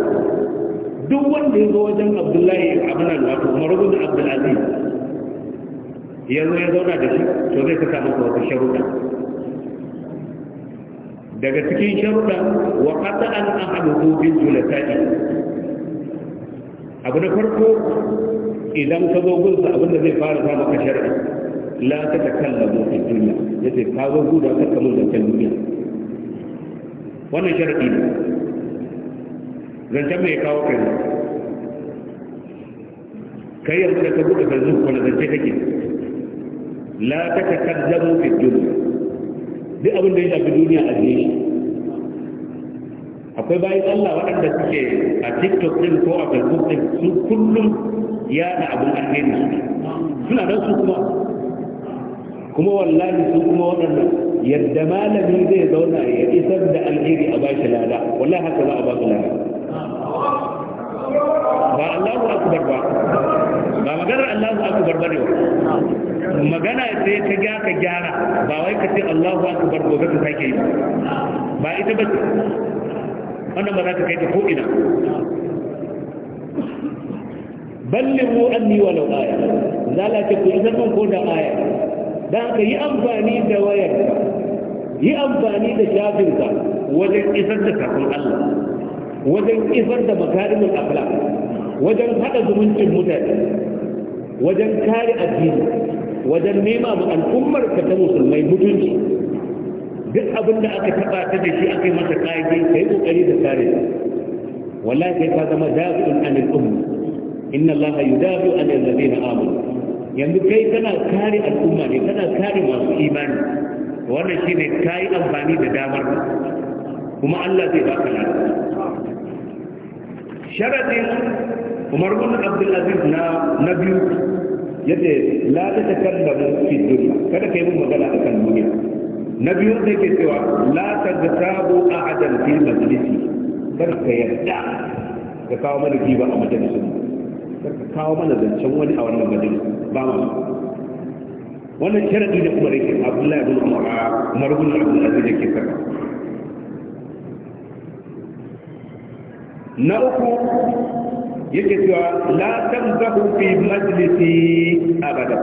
duk wanda ya zo wajen Abdullahi ibn Al-Wato Umar bin Abdul Aziz ya zo ya zauna da shi to zai saka masa wata sharuɗa daga cikin sharuɗa wa qata an ahadu bi julasaihi abu na farko idan ka zo gunsa abinda zai fara sa maka sharadi la ta ta kallabu fi duniya ce ka zo guda ka kamun da kan duniya wannan sharadi ne zancen mai kawo kai kai yanzu da ka buɗe facebook wani zance kake la ta ta kallabu fi duniya duk abin da ya shafi duniya a jiye akwai bayan Allah waɗanda suke a TikTok ɗin ko a Facebook ɗin su kullum ya na abin alheri suna don su kuma kuma wallahi su kuma waɗannan yadda malami zai zauna ya isar da alheri a bashi lada wallahi haka za a ba su lada ba Allahu akbar ba ba maganar Allahu akbar ne ba magana sai ka ga ka gyara ba wai ka ce Allahu akbar gobe ka sake yi ba ita ba wannan ba za ka kai ta ko ina ballighu anni walau aya zalaka ku idan kun ko da aya da ka yi amfani da wayarka yi amfani da shafinka wajen isar da kafin Allah wajen isar da makarimin akhlaq wajen hada zumuncin mutane wajen kare addini wajen nema ma al'ummar ka ta musulmai mutunci duk abin da aka taba ta da shi aka yi masa kaide kai kokari da kare wallahi kai ka zama dafi'un anil umma inna allaha yudafi'u anil ladina amanu yanzu kai kana kare al'umma ne kana kare masu imani wannan shi ne ka yi amfani da damar kuma Allah zai baka lafiya sharadin umar bin abdulaziz na na biyu yadda la ta takallamu fi dunya kada kai mun magana akan duniya na biyu yake ke cewa la ta gasabu ahadan fi majlisi kada ka yadda ka kawo mana ba a majalisin kawo mana zancen wani a wannan gadin ba mu. wannan sharadi da kuma rike abdullahi bin umar umar bin abdul aziz yake saka na uku yake cewa la tamzahu fi majlisi abada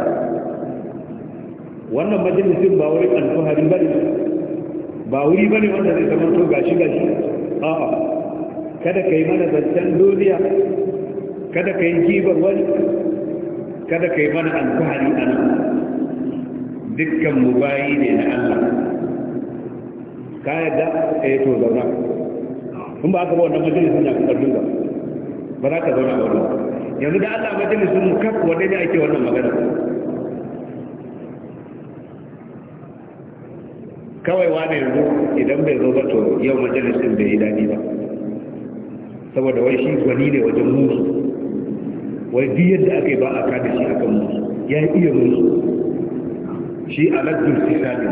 wannan majalisin ba wai alfahari bane ba wuri bane wanda zai zama to gashi gashi a'a kada kai mana zancen duniya kada ka yi jibar wani kada ka yi mana alfahari a nan dukkan mu bayi ne na Allah ka yadda eh to zauna kun ba ka ba wannan majalisun na kallon ba ba za ka zauna ba wannan yanzu da Allah majalisun mu kaf wanda ne ake wannan magana kawai ne yanzu idan bai zo ba to yau majalisun bai yi daɗi ba saboda wai shi gwani ne wajen musu wai duk yadda aka yi ba a kada shi akan mu ya iya musu shi a aladdin sisali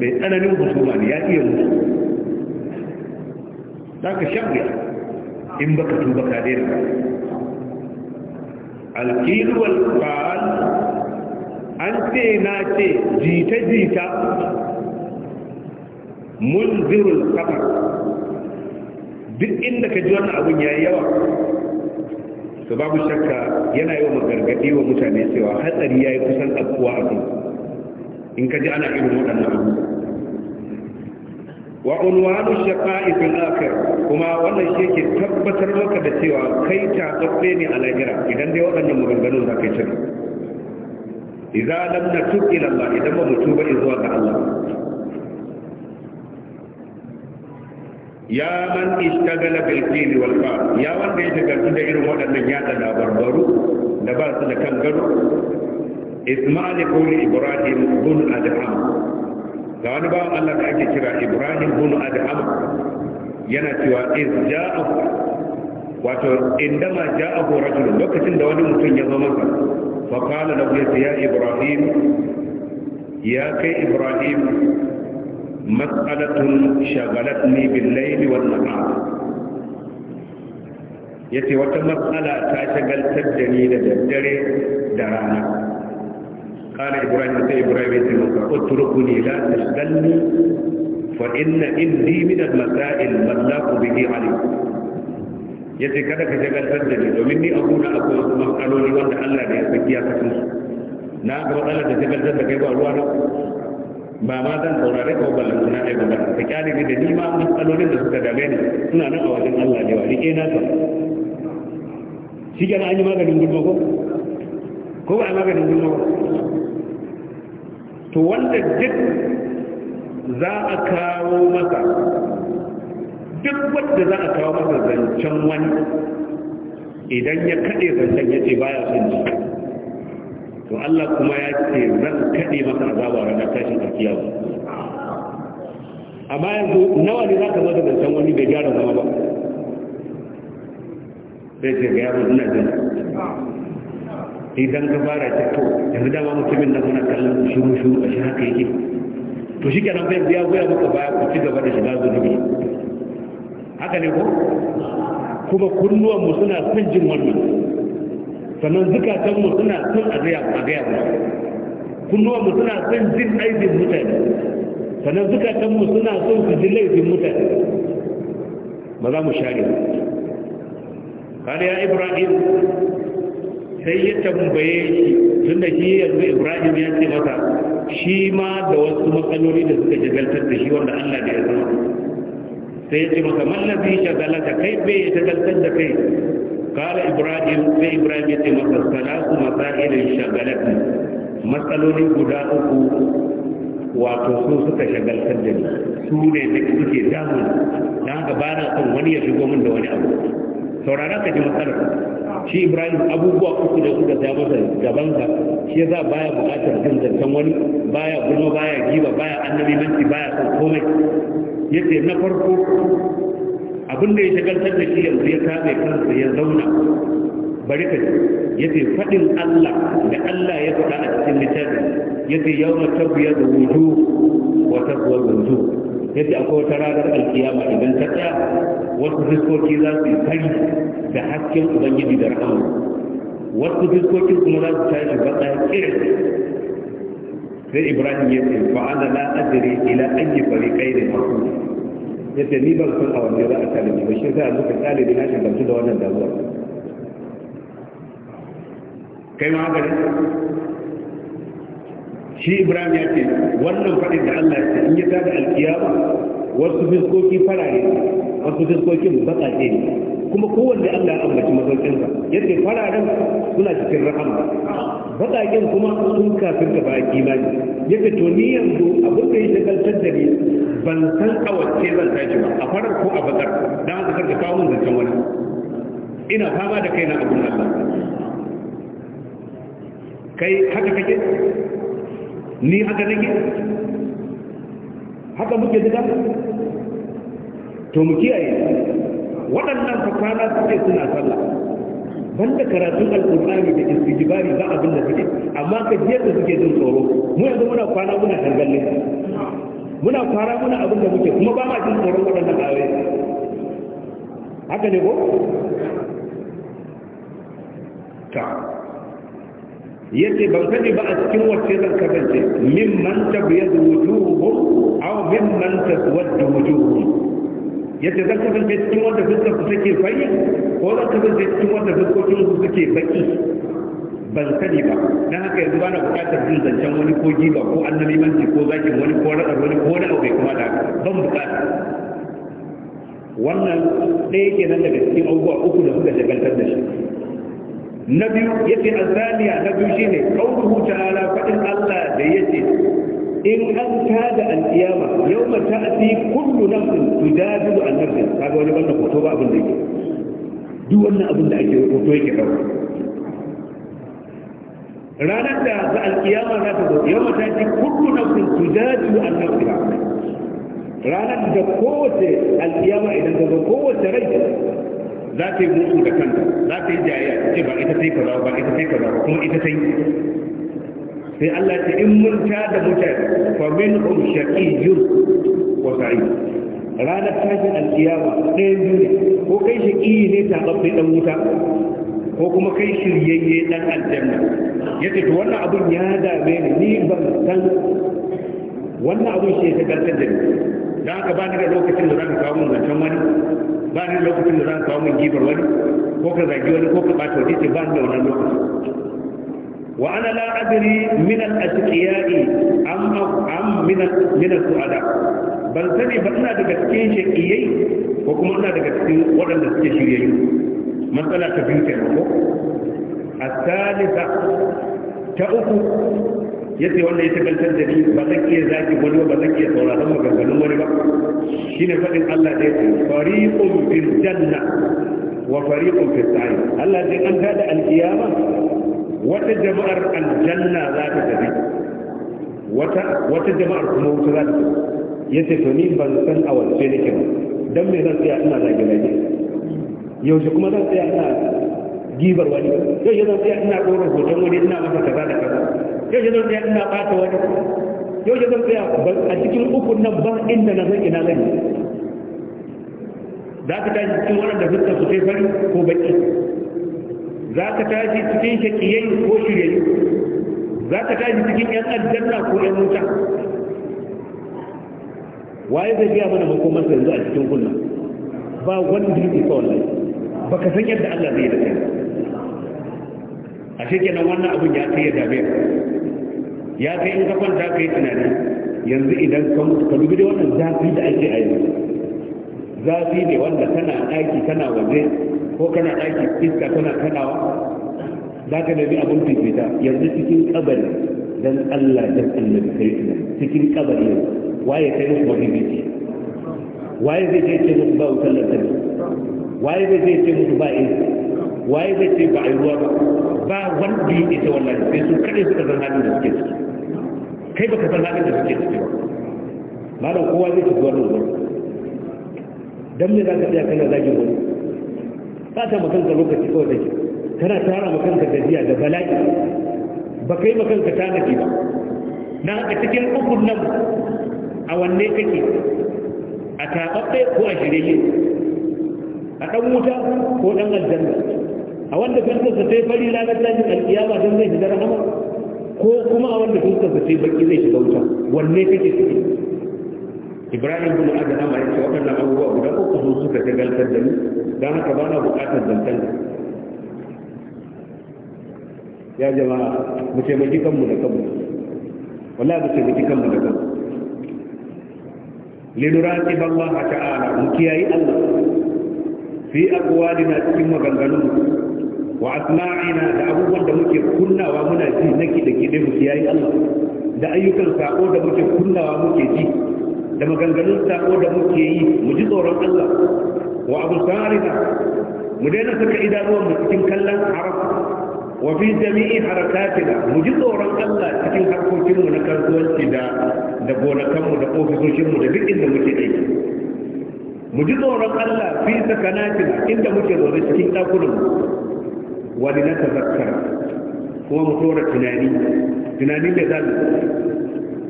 mai tsananin husuma ne ya iya musu za ka shagya in baka tuba ka daina alkilu wal qal an ce na ce jita jita mun munzirul kafar duk inda ka ji wannan abun yayi yawa to babu shakka yana yi wa gargaɗi wa mutane cewa hatsari ya yi kusan afkuwa a kan in ka ji ana irin waɗannan abu wa unwanu shaqa'i fil akhir kuma wannan shi yake tabbatar maka da cewa kai ta tsatse ne a lahira idan dai waɗannan maganganun za ka yi idza lam na ila Allah idan ba mu tuba zuwa ga Allah ya man istagala bil qil wal fa ya wanda yake ga da irin waɗannan da barbaru da ba su da kan gado isma'il qul ibrahim bun adham ga wani ba Allah da ake kira ibrahim bun adham yana cewa iz ja'a wato indama ja'a rajul lokacin da wani mutum ya zo maka fa qala lahu ya ibrahim ya kai ibrahim mas'alatun shagalatni bil laili wan nahar yace wata matsala ta shagaltar da ni da daddare da rana قال إبراهيم سي إبراهيم اتركني لا تشغلني فإن عندي من المسائل من لا به عليك yace kada ka shagaltar da ni domin ni abu na akwai wasu matsaloli wanda Allah ne ya saki ya kasu na ga matsalar da shagaltar da kai ba ruwa na ba ma zan saurare ko ballan suna ai ba ta kyale ni da nima ma matsalolin da suka dame ni suna nan a wajen Allah ne wa rike na ta shi kenan an yi maganin gulma ko ko ba maganin gulma ba to wanda duk za a kawo masa duk wanda za a kawo masa zancen wani idan ya kaɗe zancen ya ce baya son shi to Allah kuma ya ce zan kaɗe maka azaba ranar tashin karkiya ba amma yanzu nawa ne za ka da zancen wani bai gyara zama ba sai ce ga yaro ina jin idan ka fara ta to yanzu dama mutumin nan muna kallon shuru shuru a shi haka yake to shi kenan bai ya goya maka baya ku ci gaba da shiga zunubi haka ne ko kuma kunnuwan mu suna son jin wannan sannan mu suna son a gaya a gaya mu kunnuwanmu suna son jin aibin mutane sannan mu suna son su ji laifin mutane ba za mu share ba kada ya ibrahim sai ya tambaye shi tun da shi yanzu ibrahim ya ce masa shi ma da wasu matsaloli da suka jagaltar da shi wanda allah da ya zama sai ya ce masa mallabi shagalata kai bai ya shagaltar da kai قال إبراهيم في إبراهيم يتمر الثلاث مسائل شغلتني مسألوني قداؤك وتوسوس تشغل سدني سورة نكتك دامن ناك بانا كن وني يشغو من دوني أبو saurara ka ji matsalar shi ibrahim abubuwa uku da suka ja masa gaban ka shi yasa baya bukatar jin zancen wani baya gulma baya giba baya annabi manci baya son komai yace na farko abin da ya shagaltar da shi yanzu ya kame kansa ya zauna bari ka ya ce faɗin Allah da Allah ya faɗa a cikin littafin ya ce yau na tabbiya da wuju wata kuwa wuju Yadda akwai wata ranar alkiyama idan ta tsaya wasu fiskoki za su yi fari da hasken ubangiji da rahama wasu fiskokin kuma za su tashi baƙa kirin sai ibrahim ya ce fa'ala la adri ila ayyi fariqayn aqulu yadda ni ban san a wanne za a talibi ba shi sai a muka talibi na shi gamsu da wannan damuwar kai ma haka shi ibrahim ya ce wannan faɗin da allah ya ce in ya tada alkiyama wasu fiskoki farare wasu fiskokin baƙaƙe ne kuma kowanne Allah ya ambaci mazaukinsa yadda fararen suna cikin rahama baƙaƙen kuma sun kafin da baƙi ba ne yadda to ni yanzu abin da ya shagaltar da ni ban san kawace zan tashi ba a farar ko a bakar dan haka karka kawo mun zancen wani ina fama da kaina abin Allah kai haka kake ni haka nake haka muke duka to mu kiyaye waɗannan kwana suke suna sallah banda karatun alƙur'ani da istijibari ba abin da suke amma ka je da suke jin tsoro mu yanzu muna kwana muna dangalle muna kwana muna abin da muke kuma ba ma jin tsoron waɗannan ayoyi haka ne ko ta yace ban sani ba a cikin wacce zan kasance mimman tabyadu wujuhu aw mimman taswaddu wujuhu yadda zan kasance cikin wanda fuskar ku take fari ko za zan kasance cikin wanda fuskokin ku suke baki ban sani ba dan haka yanzu bana bukatar jin zancen wani ko giba ko annabi annabimanci ko zaki wani ko radar wani ko wani abu bai kuma da ban bukata wannan ɗaya ke kenan daga cikin abubuwa uku da suka shagaltar da shi na biyu yace azaniya na biyu shine qawluhu ta'ala faɗin Allah da yace in an tada alkiyama yau mata a fi kullu nafsin tujadilu an nafsin kaga wani wannan hoto ba abin da yake duk wannan abin da ake hoto yake kawo ranar da za alkiyama za ta zo yau mata fi kullu nafsin tujadilu an nafsin ranar da kowace alkiyama idan ta zo kowace rai za ta yi musu da kanta za ta yi jayayya ce ba ita ta yi kaza ba ita ta yi kaza kuma ita ta yi. sai Allah ta in mun ta da mutane fa min hum shaqiyyun wa sa'id ji tashin alkiyama dai ne, ko kai shaqi ne ta tababbe dan wuta ko kuma kai shiryayye dan aljanna yace to wannan abun ya dame ni ni ban san wannan abun shi ya gargar da ni dan ka ba ni da lokacin da zaka kawo mun zancen wani ba ni da lokacin da zaka kawo mun gibar wani ko ka zagi wani ko ka bata wani ce ba ni da wannan lokacin وأنا لا أدري من الأتقياء أم أم من من السعداء بل سني فأنا دكتين شقيين وكما أنا دكتين وأنا دكتين شقيين مثلا تبين كنوكو الثالثة تأكو yace wanda ya tagantar da ni ba zan iya zaki wani ba zan iya sauraron maganganun wani ba shine faɗin Allah da yake fariqun fil janna wa fariqun fis sa'ir Allah din an tada al-qiyama wata jama'ar aljanna za ta tafi wata jama'ar kuma wuta za ta tafi ya ce to ni ban san a wance nake ba Dan me zan tsaya ina zage zage yaushe kuma zan tsaya ina gibar wani yaushe zan tsaya ina ɗora hoton wani ina masa kaza da kaza yaushe zan tsaya ina ɓata wani yaushe zan tsaya a cikin uku nan ba inda na san ina zan yi za ka tashi cikin waɗanda fuskar su kai fari ko baki za ka tashi cikin shakiyai ko shiryayi za ka tashi cikin yan aljanna ko yan wuta waye zai biya mana hukumar yanzu a cikin kunna ba wani jirgi kawai wallahi ba ka san yadda Allah zai da kai a shekina wannan abin ya kai ya dame ya kai in kafan ta ka yi tunani yanzu idan ka mutu ka dubi da wannan zafi da ake a yanzu zafi ne wanda tana aiki tana waje ko kana aiki iska kana kaɗawa za ka nemi abin fifita yanzu cikin kabari dan Allah dan annabi kai ina cikin kabari waye kai musu mafifici waye zai ce musu ba wutar lantarki waye zai ce musu ba iska waye zai ce ba a yi ruwa ba ba wanda ya ita wallahi sai su kaɗai suka san halin da suke ciki kai ba ka san halin da suke ciki ba malam kowa zai ci zuwa wani. Dan me za ka tsaya kana zagin wani ba ta kanka lokaci kawai da ke kana tara ma kanka gajiya da bala'i ba kai ta nake ba na haka cikin ukun nan a wanne kake a taɓaɓɓe ko a shirye a ɗan wuta ko ɗan aljanna a wanda fuskarsa ta yi fari ranar tashin alkiyama don zai shiga rahama ko kuma a wanda fuskarsa ta yi baki zai shiga wuta wanne kake ciki ibrahim bin adam amma yake waɗannan abubuwa guda uku sun suka galtar da ni dan haka ba na buƙatar zancen ya jama'a mu taimaki kanmu da kanmu wallahi mu ji kanmu da kanmu linurati Allah ta'ala mu kiyayi Allah fi aqwalina cikin maganganun wa asma'ina da abubuwan da muke kunnawa muna ji na da kide mu kiyayi Allah da ayyukan sako da muke kunnawa muke ji da maganganun sako da muke yi mu ji tsoron Allah wa abu sarina mu daina saka idanuwan mu cikin kallon haram wa fi jami'i harakatina mu ji tsoron Allah cikin harkokin mu na kasuwanci da da gonakan mu da ofisoshin mu da duk inda muke aiki mu ji tsoron Allah fi sakanatina inda muke zaune cikin dakunan mu wa linatazakkara kuma mu tsora tunani tunani da zamu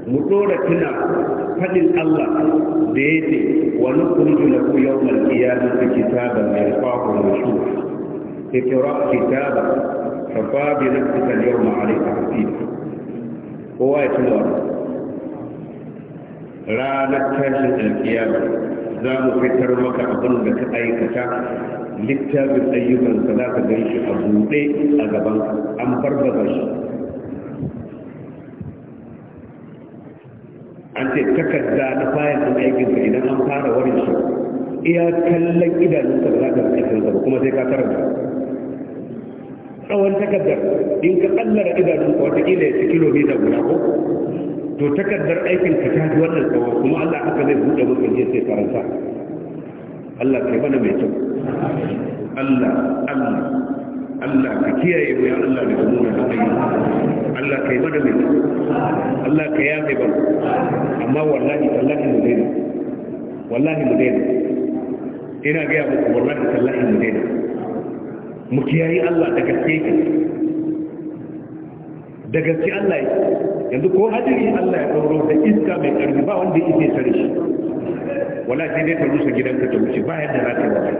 mu dora tuna fadin Allah da ya ce wa nukunju lahu yawmal qiyamati kitaban yarfa'u mashhur ikra kitaba fa fa bi nafsika al-yawma 'alayka hasiba kowa ya tuna ranar tashin alkiyama za mu fitar maka abin da ka aikata littafin ayyukan za ka gan shi a buɗe a gaban an farbaza shi an ce takarda na bayan ɗin aikinsa idan an fara warin shi iya kallon idanunsa ba za ka aikinsa ba kuma sai ka karanta tsawon takardar in ka kallara idanunsa watakila ya ci kilomita guda ko to takardar aikin ka tafi wannan tsawon kuma Allah haka zai buɗe maka jiya sai karanta Allah kai mana mai kyau Allah Allah Allah ka kiyaye mu ya Allah daga muna ayyuka Allah kai mana mai kyau Allah ka yafe ba amma wallahi tallahi mu daina wallahi mu daina ina ya muku wallahi tallahi mu daina mu kiyayi Allah da gaske ki da gaske Allah ya yanzu ko hadiri Allah ya dauro da iska mai karfi ba wanda yake tare shi wallahi dai ta rusa gidanka ta wuce ba yadda zaka ta yi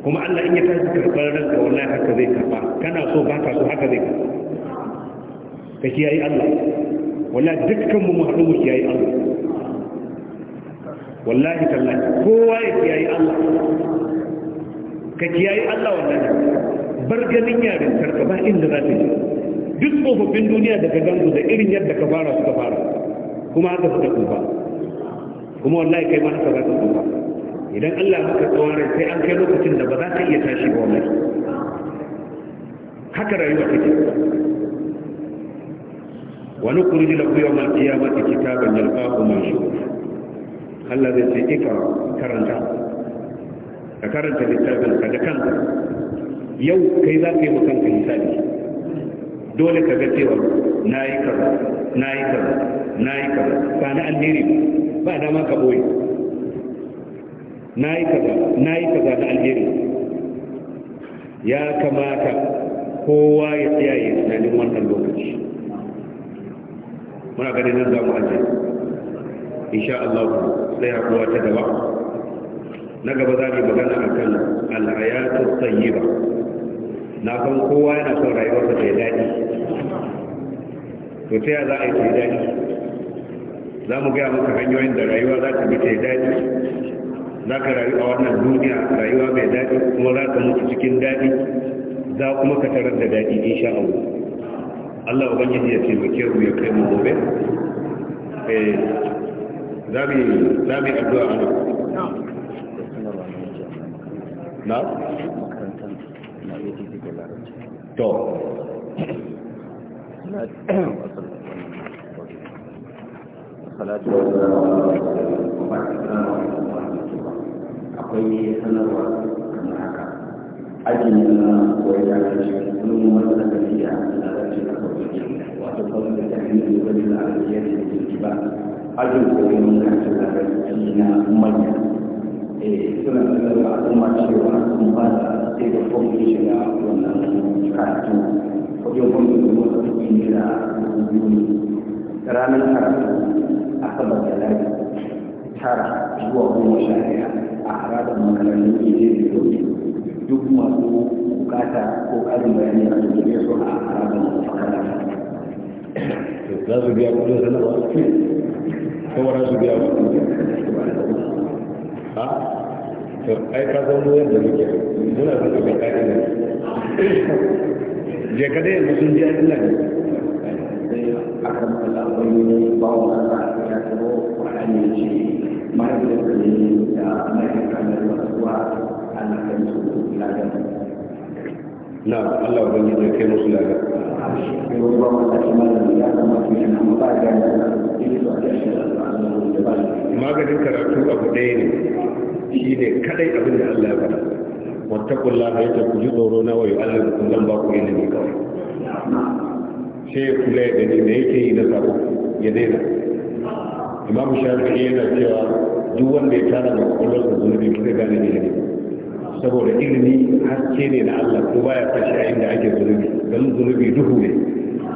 kuma Allah in ya tashi karɓar ranka wallahi haka zai karɓa kana so ba so haka zai karɓa ka kiyaye Allah wala dukkan mu haɗu mu kiyaye Allah wallahi tallahi kowa ya kiyaye Allah ka kiyaye Allah wallahi bar ganin yarin sarka ba inda za ta yi duk tsofaffin duniya daga gangu da irin yadda ka fara suka fara kuma haka suka tsufa kuma wallahi kai ma haka za ka tsufa idan Allah maka tsawon rai sai an kai lokacin da ba za ka iya tashi ba wallahi haka rayuwa take wani kurji da kuyo mal kiyamati kitaban yalqahu manshur Allah zai ce ikra karanta ka karanta littafin ka da kanka yau kai za ka yi wa kanka hisabi dole ka ga cewa nayi kaza nayi kaza nayi kaza ba na alheri ba dama ka boye nayi kaza nayi kaza na alheri ya kamata kowa ya tsaya ya tunanin wannan lokaci muna ganin nan za mu aje insha Allah sai haɗuwa ta gaba na gaba za mu magana akan al-hayatu tayyiba na san kowa yana son rayuwarsa ta yi daɗi to ta za a yi ta yi daɗi za mu gaya maka hanyoyin da rayuwa za ta bi ta yi daɗi za ka rayu a wannan duniya rayuwa mai daɗi kuma za ka mutu cikin daɗi za kuma ka tarar da daɗi insha Allah Allah ubangiji ya taimake mu ya kai mu gobe eh zabi zabi addu'a ana na to akwai sanarwa kamar haka ajin na koyar da shi wani wanda tafiya na rajin فضل التحميل وبذل العمليات والاتباع da كريم كاتب فينا أمنا suna sanar da al'umma cewa sun ba da sai da kwamfi shiga wannan karatu wajen kwamfi da wasu suke nera dubu biyu ranar karatu a sabar da lari tara zuwa goma sha ɗaya a harabar makarantun ije da yau duk masu bukata ko ƙarin bayani a cikin su a harabar makarantun za su biya kudin sanarwa su biya kudin ha to ka san mu muke muna ne je ka yanzu sun ji an ne akan ba wa ta ya tabo ce da ma'aikata na kan su na Allah ban yi kai musu lada maganin karatu abu ɗaya ne shi ne kadai abin da Allah ya faɗa wattakun laha ya tafi tsoro na wayo Allah da kullum ba ku ilimi kawai sai ya kula ya gani me yake yi na sabo ya daina imamu shafi'i yana cewa duk wanda ya tara da zunubi ba zai gane ne ne saboda ilimi haske ne na Allah ko baya fashi a inda ake zunubi don zunubi duhu ne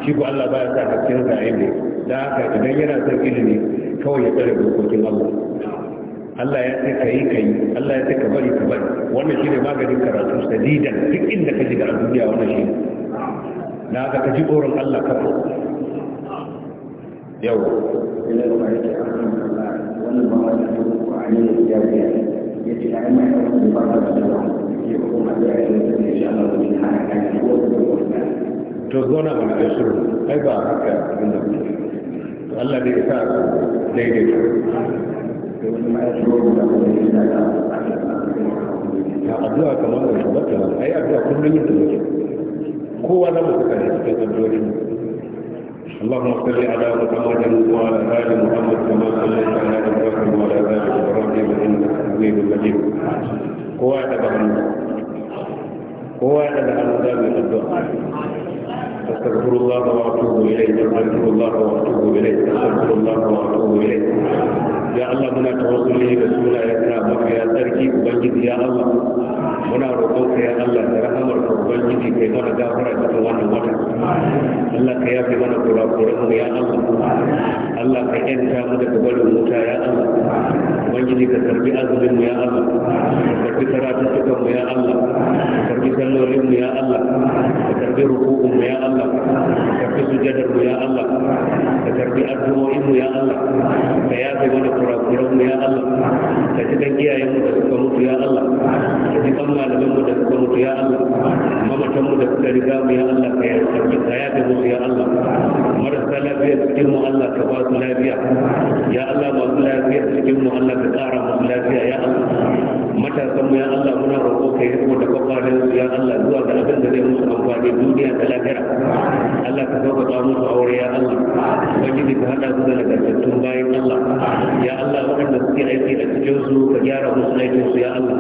shi ko Allah baya sa hasken sa a inda da haka idan yana son ilimi kawai ya tsare dokokin Allah Allah ya ce ka yi ka yi Allah ya ce ka bari ka bari wannan shi ne maganin karatu sadidan duk inda ka shiga a duniya wannan shi da haka ka ji tsoron Allah kafa yau wannan ba ta abu ko a ne ya yace ai mai da ba ya to zona ba da shiru ai ba haka abin da kuke to Allah dai ya sa daidaita to wani ya ta addu'a kamar da tabbata ai addu'a kullum yin take kowa da mutum ne cikin addu'o'i اللهم صل على محمد وعلى ال محمد كما صليت على ابراهيم وعلى ال ابراهيم انك حميد مجيد قوات بحمد قوات بحمد الدعاء أستغفر الله وأتوب إليه أستغفر الله وأتوب إليه أستغفر الله وأتوب إليه يا الله منا توصل لي رسول يا بك يا تركي أبنجد يا الله منا رقوك يا الله ترحمر أبنجد كي منا دافر أتوان وطن الله كيا في منا قرى قرى يا الله الله كأن شامد قبل موتا يا الله أبنجد كتربي أذن يا الله كتربي تراتتكم يا الله كتربي سلولم يا الله كتربي رقوكم يا الله Allah ka karbi sujadar mu ya Allah ka karbi addu'o'in mu ya Allah ka yafe mana kurakuran ya Allah ka ji dan iyayen mu da suka mutu ya Allah ka ji kan malaman mu da suka mutu ya Allah mamatan mu da suka riga mu ya Allah ka yafe mu ya marasa lafiya cikin mu Allah ka ba su lafiya ya Allah su lafiya cikin mu Allah ka tsara su lafiya ya Allah matasan mu ya Allah muna roƙo kai riko da kwakwarin su ya Allah zuwa ga abin da zai musu amfani duniya da lafiya Allah ka sauƙaƙa musu aure ya Allah ubangiji ka haɗa su da nagartattun bayan Allah ya Allah waɗanda suke aiki a cikin su ka gyara musu aikin su ya Allah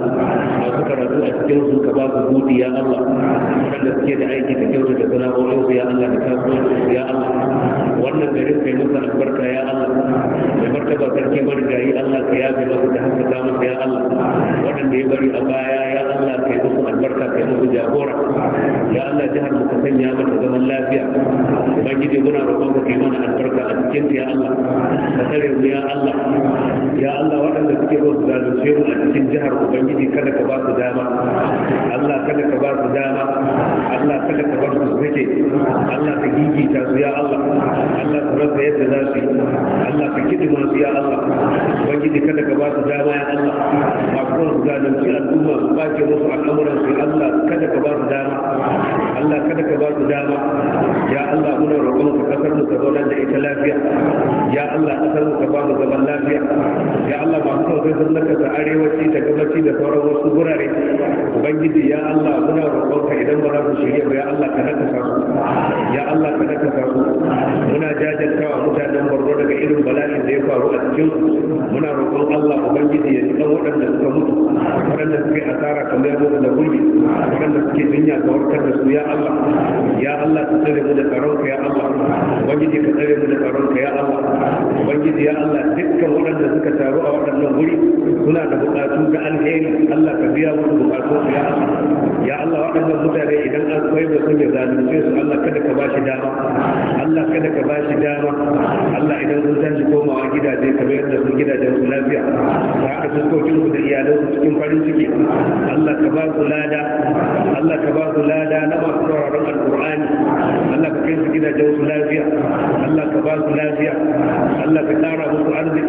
masu karatu a cikin su ka ba su buɗi ya Allah waɗanda suke da aiki ka da sana'o'in su ya Allah da kasuwancin su ya Allah wannan garin kai masa albarka ya Allah Mai martaba sarki marigayi Allah ka yafe masa da haskaka masa ya Allah waɗanda ya bari a baya ya Allah kai musu albarka kai musu jagora ya Allah jihar mu ka sanya mata zaman lafiya ubangiji muna roƙon ka kai mana albarka a cikin ya Allah ka tare mu ya Allah ya Allah waɗanda suke zo su zalunce mu a cikin jihar ubangiji kada ka ba su dama Allah kada ka ba su dama Allah kada ka ba su suke Allah ka gigita su ya Allah Allah ka rasa yadda za su Allah ka kidi masu ya Allah ubangiji kada ka ba su dama ya Allah ba kuma su zalunci al'umma su ɓace musu al'amuran su Allah kada ka ba su dama Allah kada ka ba su dama ya Allah muna roƙon ka kasar mu ka zaunar da ita lafiya ya Allah kasar mu ka ba mu lafiya ya Allah ba mu kawai sun naka ta arewaci da gabaci da sauran wasu gurare ubangiji ya Allah muna roƙon ka idan ba za su ya Allah ka naka sa ya Allah ka naka sa muna jajantawa mutanen barbo daga irin bala'in da ya faru a cikin muna roƙon Allah ubangiji ya ji waɗanda suka mutu waɗanda suka yi asara kamar yadda da gurbi matakan da suke jinya ka warkar da su ya Allah ya Allah ka tsare mu da tsaronka ya Allah ubangiji ka tsare mu da tsaronka ya Allah ubangiji ya Allah dukkan waɗanda suka taru a waɗannan wuri suna da buƙatu ga alheri Allah ka biya musu buƙatu ya Allah ya Allah waɗannan mutane idan an koyar da su ya zalunce su Allah kada ka ba shi dama Allah kada ka ba shi dama Allah idan sun tashi komawa gidaje ka bayar da su gidajen su lafiya ka haɗa fuskokin su da iyalan cikin farin ciki Allah ka ba su lada الله تبارك لا لا نبغى قرار القرآن الله كيف كذا جوز لازية الله تبارك لازية الله كتارة مصر أرضك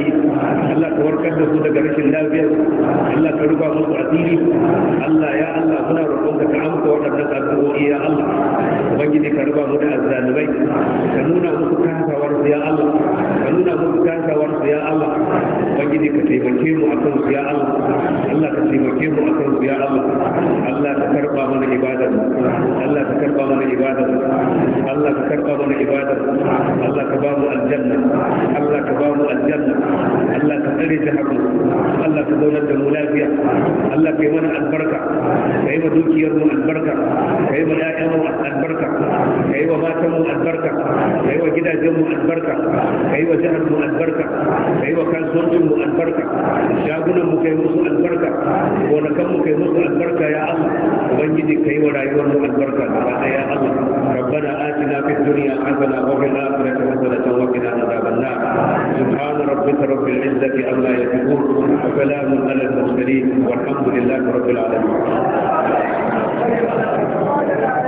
الله كورك الله سودة قريش لازية الله كربا مصر أتيري الله يا الله هنا ربك كعمك وقد نسأله يا الله وجدي كربا هنا أزال بي كنونا مصر ورس يا الله كنونا مصر ورس يا الله وجدي كتيب كيم أكرس يا الله الله كتيب كيم أكرس يا الله الله كتيب karba mana ibadar Allah ka karba mana ibadar Allah ka karba mana ibadar Allah ka ba mu aljanna Allah ka ba mu aljanna Allah ka tsare jihar Allah ka zaunar da mu lafiya Allah ka yi mana albarka ka yi wa dukiyar mu albarka ka yi wa ƴaƴan mu albarka ka yi wa matan mu albarka ka yi wa gidajen mu albarka ka yi wa jihar mu albarka ka yi wa kasuwancin mu albarka shagunan mu kai musu albarka gonakan mu kai musu albarka ya Allah ubangiji kai wa rayuwar mu albarka gaba daya Allah rabbana atina fid dunya hasana wa fil akhirati hasana wa qina adhaban nar subhana rabbika rabbil izzati amma yasifun wa salamun alal mursalin walhamdulillahi rabbil alamin